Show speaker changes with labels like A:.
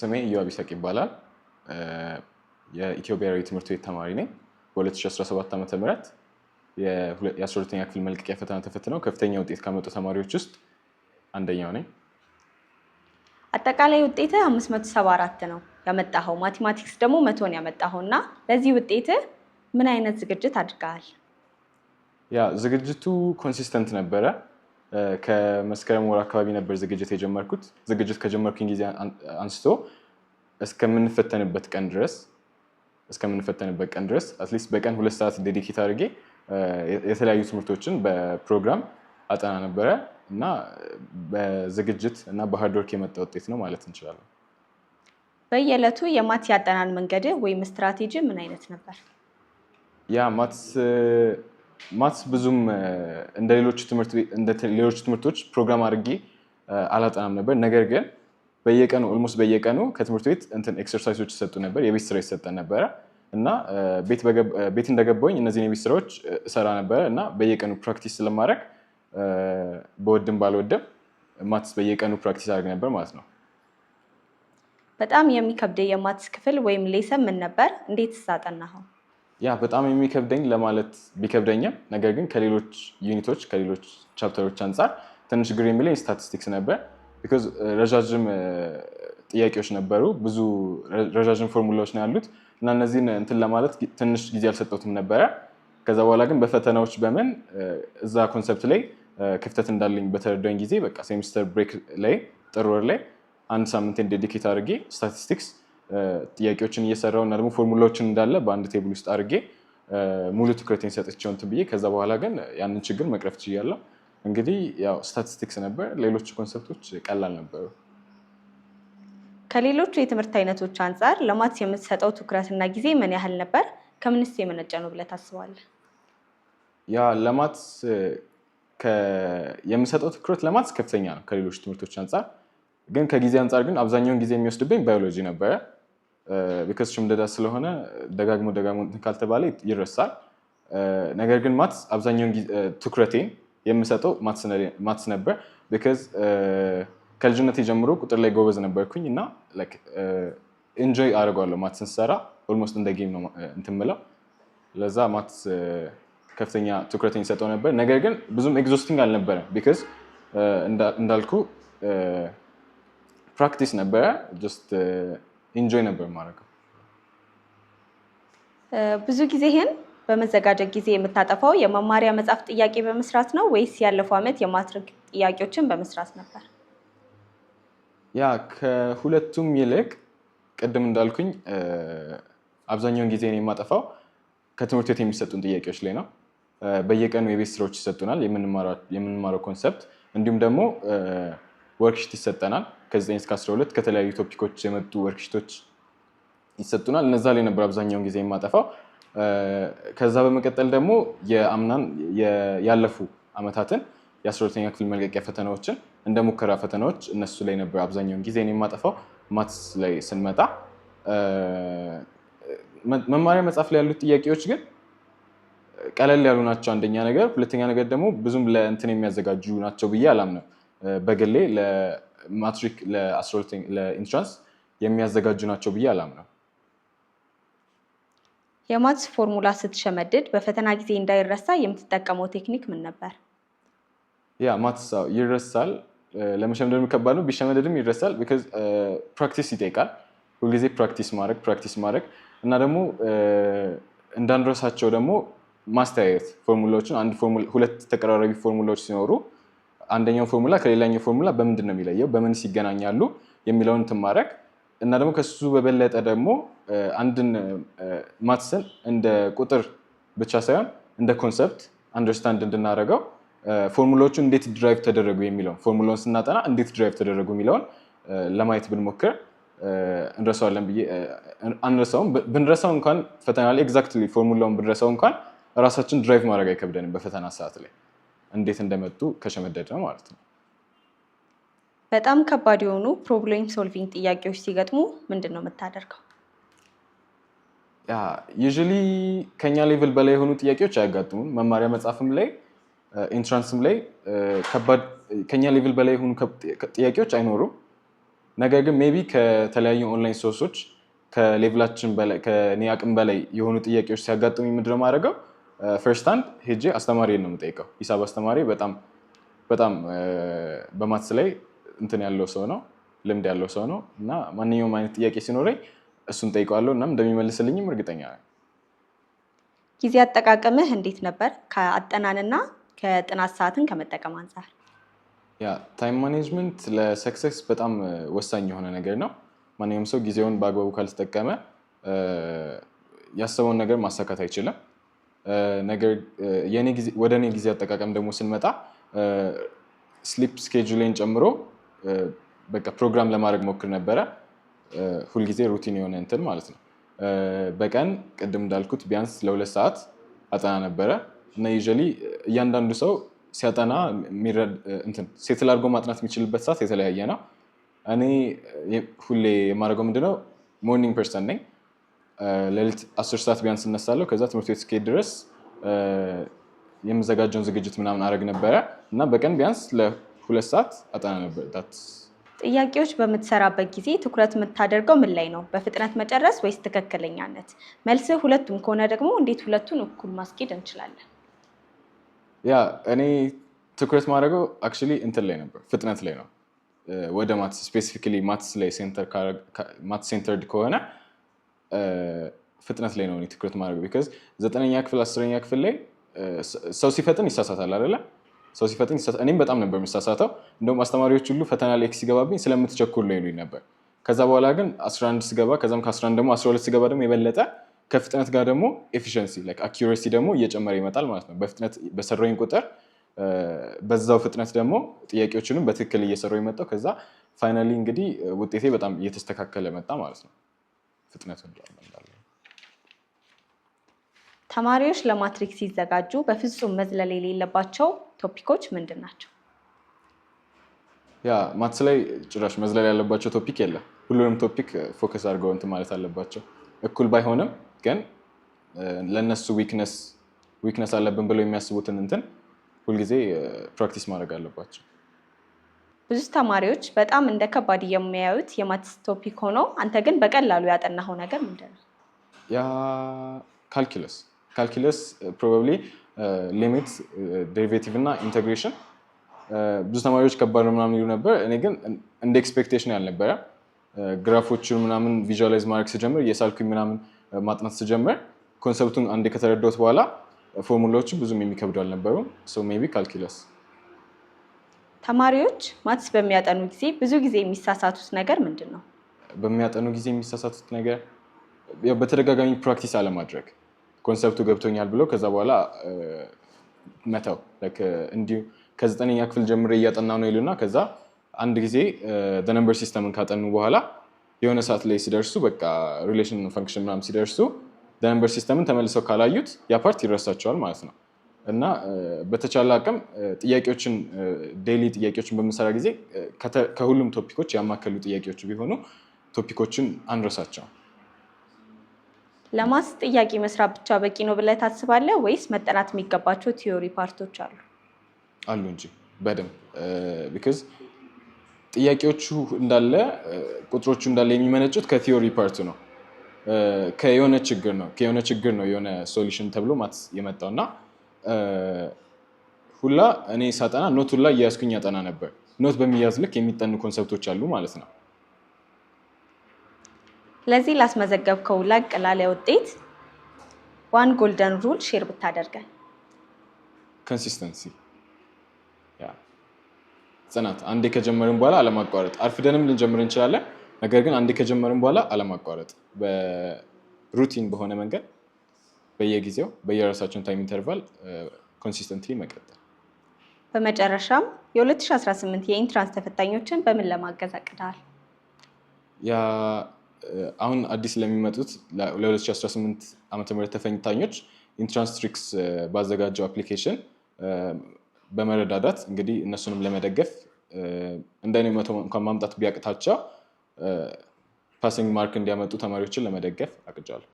A: ስሜ ኢዮብ ይሰቅ ይባላል። የኢትዮ ብሔራዊ ትምህርት ቤት ተማሪ ነኝ። በ2017 ዓ ም የ12ኛ ክፍል መልቀቂያ ፈተና ተፈትነው ከፍተኛ ውጤት ካመጡ ተማሪዎች ውስጥ አንደኛው ነኝ።
B: አጠቃላይ ውጤት 574 ነው ያመጣኸው፣ ማቴማቲክስ ደግሞ መቶን ያመጣኸው እና ለዚህ ውጤት ምን አይነት ዝግጅት አድርገሃል?
A: ያ ዝግጅቱ ኮንሲስተንት ነበረ ከመስከረም ወር አካባቢ ነበር ዝግጅት የጀመርኩት። ዝግጅት ከጀመርኩኝ ጊዜ አንስቶ እስከምንፈተንበት ቀን ድረስ እስከምንፈተንበት ቀን ድረስ አትሊስት በቀን ሁለት ሰዓት ዴዲኬት አድርጌ የተለያዩ ትምህርቶችን በፕሮግራም አጠና ነበረ እና በዝግጅት እና በሃርድወርክ የመጣ ውጤት ነው ማለት እንችላለን።
B: በየዕለቱ የማት ያጠናን መንገድ ወይም ስትራቴጂ ምን አይነት ነበር?
A: ያ ማትስ ማትስ ብዙም እንደ ሌሎች ትምህርቶች ፕሮግራም አድርጌ አላጠናም ነበር። ነገር ግን በየቀኑ ኦልሞስት በየቀኑ ከትምህርት ቤት እንትን ኤክሰርሳይሶች ይሰጡ ነበር፣ የቤት ስራ ይሰጠን ነበረ እና ቤት እንደገባኝ እነዚህን የቤት ስራዎች እሰራ ነበረ እና በየቀኑ ፕራክቲስ ስለማድረግ በወድም ባልወድም ማትስ በየቀኑ ፕራክቲስ አድርግ ነበር ማለት ነው።
B: በጣም የሚከብደ የማትስ ክፍል ወይም ሌሰን ምን ነበር? እንዴት ሳጠናኸው?
A: ያ በጣም የሚከብደኝ ለማለት ቢከብደኝም ነገር ግን ከሌሎች ዩኒቶች ከሌሎች ቻፕተሮች አንጻር ትንሽ ግር የሚለኝ ስታቲስቲክስ ነበር። ቢኮዝ ረዣዥም ጥያቄዎች ነበሩ፣ ብዙ ረዣዥም ፎርሙላዎች ነው ያሉት እና እነዚህን እንትን ለማለት ትንሽ ጊዜ አልሰጠሁትም ነበረ። ከዛ በኋላ ግን በፈተናዎች በምን እዛ ኮንሰፕት ላይ ክፍተት እንዳለኝ በተረዳኝ ጊዜ በቃ ሴሚስተር ብሬክ ላይ ጥር ወር ላይ አንድ ሳምንቴን ዴዲኬት አድርጌ ስታቲስቲክስ ጥያቄዎችን እየሰራው እና ደግሞ ፎርሙላዎችን እንዳለ በአንድ ቴብል ውስጥ አድርጌ ሙሉ ትኩረቴን ሰጥቼው እንትን ብዬ ከዛ በኋላ ግን ያንን ችግር መቅረፍ ችያለሁ። እንግዲህ ያው ስታቲስቲክስ ነበር፣ ሌሎች ኮንሰፕቶች ቀላል ነበሩ።
B: ከሌሎቹ የትምህርት አይነቶች አንጻር ለማትስ የምትሰጠው ትኩረትና ጊዜ ምን ያህል ነበር? ከምንስ የመነጨ ነው ብለህ ታስባለህ?
A: ያ ለማትስ የምሰጠው ትኩረት ለማትስ ከፍተኛ ነው ከሌሎች ትምህርቶች አንጻር ግን ከጊዜ አንጻር ግን አብዛኛውን ጊዜ የሚወስድብኝ ባዮሎጂ ነበረ። ቢካስ ሽምደዳ ስለሆነ ደጋግሞ ደጋግሞ ካልተባለ ይረሳል። ነገር ግን ማትስ አብዛኛውን ትኩረቴን የምሰጠው ማትስ ነበር። ቢካስ ከልጅነት ጀምሮ ቁጥር ላይ ጎበዝ ነበርኩኝ እና ኢንጆይ አድርጓለሁ ማትስን ስሰራ ኦልሞስት እንደ ጌም ነው እንትምለው ለዛ ማትስ ከፍተኛ ትኩረቴን ይሰጠው ነበር። ነገር ግን ብዙም ኤግዞስቲንግ አልነበረም። ቢካስ እንዳልኩ ፕራክቲስ ነበረ ጀስት ኢንጆይ ነበር የማደርገው።
B: ብዙ ጊዜህን በመዘጋጀት ጊዜ የምታጠፋው የመማሪያ መጽሐፍ ጥያቄ በመስራት ነው ወይስ ያለፈው ዓመት የማትሪክ ጥያቄዎችን በመስራት ነበር?
A: ያ ከሁለቱም ይልቅ ቅድም እንዳልኩኝ አብዛኛውን ጊዜ የማጠፋው ከትምህርት ቤት የሚሰጡን ጥያቄዎች ላይ ነው። በየቀኑ የቤት ስራዎች ይሰጡናል፣ የምንማረው ኮንሰፕት እንዲሁም ደግሞ ወርክሽት ይሰጠናል። ከ9 እስከ 12 ከተለያዩ ቶፒኮች የመጡ ወርክሽቶች ይሰጡናል። እነዛ ላይ ነበር አብዛኛውን ጊዜ የማጠፋው። ከዛ በመቀጠል ደግሞ የአምናን ያለፉ አመታትን የ 12 ክፍል መልቀቂያ ፈተናዎችን እንደ ሙከራ ፈተናዎች እነሱ ላይ ነበር አብዛኛውን ጊዜ የማጠፋው። ማትስ ላይ ስንመጣ መማሪያ መጽሐፍ ላይ ያሉት ጥያቄዎች ግን ቀለል ያሉ ናቸው፣ አንደኛ ነገር። ሁለተኛ ነገር ደግሞ ብዙም ለእንትን የሚያዘጋጁ ናቸው ብዬ አላምነው በግሌ ማትሪክ ለኢንትራንስ የሚያዘጋጁ ናቸው ብዬ አላምነው።
B: የማትስ ፎርሙላ ስትሸመድድ በፈተና ጊዜ እንዳይረሳ የምትጠቀመው ቴክኒክ ምን ነበር?
A: ያ ማትስ ይረሳል፣ ለመሸመደድ የሚከባድ ነው። ቢሸመደድም ይረሳል። ቢካዝ ፕራክቲስ ይጠይቃል። ሁልጊዜ ፕራክቲስ ማድረግ ፕራክቲስ ማድረግ እና ደግሞ እንዳንረሳቸው ደግሞ ማስተያየት ፎርሙላዎችን አንድ ሁለት ተቀራራቢ ፎርሙላዎች ሲኖሩ አንደኛው ፎርሙላ ከሌላኛው ፎርሙላ በምንድን ነው የሚለየው፣ በምን ሲገናኛሉ የሚለውን ትማረክ እና ደግሞ ከሱ በበለጠ ደግሞ አንድን ማትስን እንደ ቁጥር ብቻ ሳይሆን እንደ ኮንሰፕት አንደርስታንድ እንድናደርገው ፎርሙላዎቹ እንዴት ድራይቭ ተደረጉ የሚለውን ፎርሙላውን ስናጠና እንዴት ድራይቭ ተደረጉ የሚለውን ለማየት ብንሞክር እንረሳዋለን ብዬ አንረሳውም። ብንረሳው እንኳን ፈተና ላይ ኤግዛክትሊ ፎርሙላውን ብንረሳው እንኳን ራሳችን ድራይቭ ማድረግ አይከብደንም በፈተና ሰዓት ላይ እንዴት እንደመጡ ከሸመደደ ማለት ነው።
B: በጣም ከባድ የሆኑ ፕሮብሌም ሶልቪንግ ጥያቄዎች ሲገጥሙ ምንድን ነው የምታደርገው?
A: ዩዥሊ ከኛ ሌቭል በላይ የሆኑ ጥያቄዎች አያጋጥሙም። መማሪያ መጽሐፍም ላይ ኢንትራንስም ላይ ከኛ ሌቭል በላይ የሆኑ ጥያቄዎች አይኖሩም። ነገር ግን ሜቢ ከተለያዩ ኦንላይን ሶርሶች ከሌቭላችን ከኔ አቅም በላይ የሆኑ ጥያቄዎች ሲያጋጥሙ ምንድን ማድረገው? ፈርስት አንድ ሄጄ አስተማሪ ነው የምጠይቀው። ሂሳብ አስተማሪ በጣም በጣም በማትስ ላይ እንትን ያለው ሰው ነው፣ ልምድ ያለው ሰው ነው እና ማንኛውም አይነት ጥያቄ ሲኖረኝ እሱን ጠይቀዋለሁ። እናም እንደሚመልስልኝም እርግጠኛ ነኝ።
B: ጊዜ አጠቃቀምህ እንዴት ነበር? ከአጠናንና ከጥናት ሰዓትን ከመጠቀም አንጻር።
A: ያ ታይም ማኔጅመንት ለሰክሰስ በጣም ወሳኝ የሆነ ነገር ነው። ማንኛውም ሰው ጊዜውን በአግባቡ ካልተጠቀመ ያሰበውን ነገር ማሳካት አይችልም። ነገር ወደ እኔ ጊዜ አጠቃቀም ደግሞ ስንመጣ ስሊፕ ስኬጁሌን ጨምሮ በቃ ፕሮግራም ለማድረግ ሞክር ነበረ። ሁልጊዜ ሩቲን የሆነ እንትን ማለት ነው። በቀን ቅድም እንዳልኩት ቢያንስ ለሁለት ሰዓት አጠና ነበረ እና ዩ እያንዳንዱ ሰው ሲያጠና ሴትል አድርጎ ማጥናት የሚችልበት ሰዓት የተለያየ ነው። እኔ ሁሌ የማድረገው ምንድነው ሞርኒንግ ፐርሰን ነኝ። ሌሊት አስር ሰዓት ቢያንስ እነሳለሁ። ከዛ ትምህርት ቤት እስክሄድ ድረስ የምዘጋጀውን ዝግጅት ምናምን አረግ ነበረ እና በቀን ቢያንስ ለሁለት ሰዓት አጠና ነበር።
B: ጥያቄዎች በምትሰራበት ጊዜ ትኩረት የምታደርገው ምን ላይ ነው? በፍጥነት መጨረስ ወይስ ትክክለኛነት? መልስህ ሁለቱም ከሆነ ደግሞ እንዴት ሁለቱን እኩል ማስኬድ እንችላለን?
A: ያ እኔ ትኩረት ማድረገው አክቹዋሊ እንትን ላይ ነበር፣ ፍጥነት ላይ ነው። ወደ ማትስ ስፔሲፊካሊ ማትስ ላይ ማትስ ሴንተርድ ከሆነ ፍጥነት ላይ ነው ትኩረት ማድረግ ቢካዝ ዘጠነኛ ክፍል አስረኛ ክፍል ላይ ሰው ሲፈጥን ይሳሳታል አይደለ? ሰው ሲፈጥን እኔም በጣም ነበር የሚሳሳተው። እንደውም አስተማሪዎች ሁሉ ፈተና ላይ ሲገባብኝ ስለምትቸኩል ነው ይሉኝ ነበር። ከዛ በኋላ ግን 11 ስገባ ከዛም ከ11 ደግሞ 12 ስገባ ደግሞ የበለጠ ከፍጥነት ጋር ደግሞ ኤፊሽንሲ ላይክ ደግሞ እየጨመረ ይመጣል ማለት ነው። በፍጥነት በሰራኝ ቁጥር በዛው ፍጥነት ደግሞ ጥያቄዎችንም በትክክል እየሰራው የመጣው ከዛ ፋይናሊ እንግዲህ ውጤቴ በጣም እየተስተካከለ መጣ ማለት ነው። ፍጥነቱን እንዳለ
B: ተማሪዎች ለማትሪክ ሲዘጋጁ በፍጹም መዝለል የሌለባቸው ቶፒኮች ምንድን ናቸው?
A: ያ ማትስ ላይ ጭራሽ መዝለል ያለባቸው ቶፒክ የለም። ሁሉንም ቶፒክ ፎከስ አድርገው እንትን ማለት አለባቸው። እኩል ባይሆንም ግን ለእነሱ ዊክነስ ዊክነስ አለብን ብለው የሚያስቡትን እንትን ሁልጊዜ ፕራክቲስ ማድረግ አለባቸው።
B: ብዙ ተማሪዎች በጣም እንደ ከባድ የሚያዩት የማትስ ቶፒክ ሆኖ አንተ ግን በቀላሉ ያጠናኸው ነገር ምንድን ነው?
A: ካልኪለስ ካልኪለስ ፕሮባብሊ ሊሚት፣ ዴሪቬቲቭ እና ኢንቴግሬሽን uh, ብዙ ተማሪዎች ከባድ ነው ምናምን ይሉ ነበር። እኔ ግን እንደ ኤክስፔክቴሽን ያልነበረ uh, ግራፎችን ምናምን ቪዥዋላይዝ ማድረግ ስጀምር የሳልኩኝ ምናምን ማጥናት ስጀምር ኮንሰፕቱን አንዴ ከተረዳሁት በኋላ ፎርሙላዎችን ብዙም የሚከብዱ አልነበሩም። ሜይ ቢ ካልኪለስ
B: ተማሪዎች ማትስ በሚያጠኑ ጊዜ ብዙ ጊዜ የሚሳሳቱት ነገር ምንድን ነው?
A: በሚያጠኑ ጊዜ የሚሳሳቱት ነገር በተደጋጋሚ ፕራክቲስ አለማድረግ፣ ኮንሰፕቱ ገብቶኛል ብሎ ከዛ በኋላ መተው። እንዲሁ ከዘጠነኛ ክፍል ጀምሬ እያጠናው ነው ይሉና ከዛ አንድ ጊዜ ነምበር ሲስተምን ካጠኑ በኋላ የሆነ ሰዓት ላይ ሲደርሱ በቃ ሪሌሽን ፈንክሽን ምናምን ሲደርሱ ነምበር ሲስተምን ተመልሰው ካላዩት ያ ፓርት ይረሳቸዋል ማለት ነው። እና በተቻለ አቅም ጥያቄዎችን ዴይሊ ጥያቄዎችን በምንሰራ ጊዜ ከሁሉም ቶፒኮች ያማከሉ ጥያቄዎች ቢሆኑ ቶፒኮችን አንረሳቸው።
B: ለማስ ጥያቄ መስራት ብቻ በቂ ነው ብለህ ታስባለህ ወይስ መጠናት የሚገባቸው ቲዮሪ ፓርቶች አሉ?
A: አሉ እንጂ በደንብ ቢካዝ ጥያቄዎቹ እንዳለ ቁጥሮቹ እንዳለ የሚመነጩት ከቲዮሪ ፓርቱ ነው። ከየሆነ ችግር ነው ከየሆነ ችግር ነው የሆነ ሶሉሽን ተብሎ ማትስ የመጣው እና ሁላ እኔ ሳጠና ኖት ሁላ እያያዝኩኝ ያጠና ነበር። ኖት በሚያዝ ልክ የሚጠኑ ኮንሰብቶች አሉ ማለት ነው።
B: ለዚህ ላስመዘገብከው ላቅ ላለ ውጤት ዋን ጎልደን ሩል ሼር ብታደርገን።
A: ኮንሲስተንሲ፣ ጽናት። አንዴ ከጀመርን በኋላ አለማቋረጥ። አርፍደንም ልንጀምር እንችላለን፣ ነገር ግን አንዴ ከጀመርን በኋላ አለማቋረጥ በሩቲን በሆነ መንገድ በየጊዜው በየራሳቸውን ታይም ኢንተርቫል ኮንሲስተንትሊ መቀጠል።
B: በመጨረሻም የ2018 የኢንትራንስ ተፈታኞችን በምን ለማገዝ
A: አሁን አዲስ ለሚመጡት ለ2018 ዓመተ ምህረት ተፈታኞች ኢንትራንስ ትሪክስ ባዘጋጀው አፕሊኬሽን በመረዳዳት እንግዲህ እነሱንም ለመደገፍ እንደኔ መቶ እንኳን ማምጣት ቢያቅታቸው ፓሲንግ ማርክ እንዲያመጡ ተማሪዎችን ለመደገፍ አቅጃለሁ።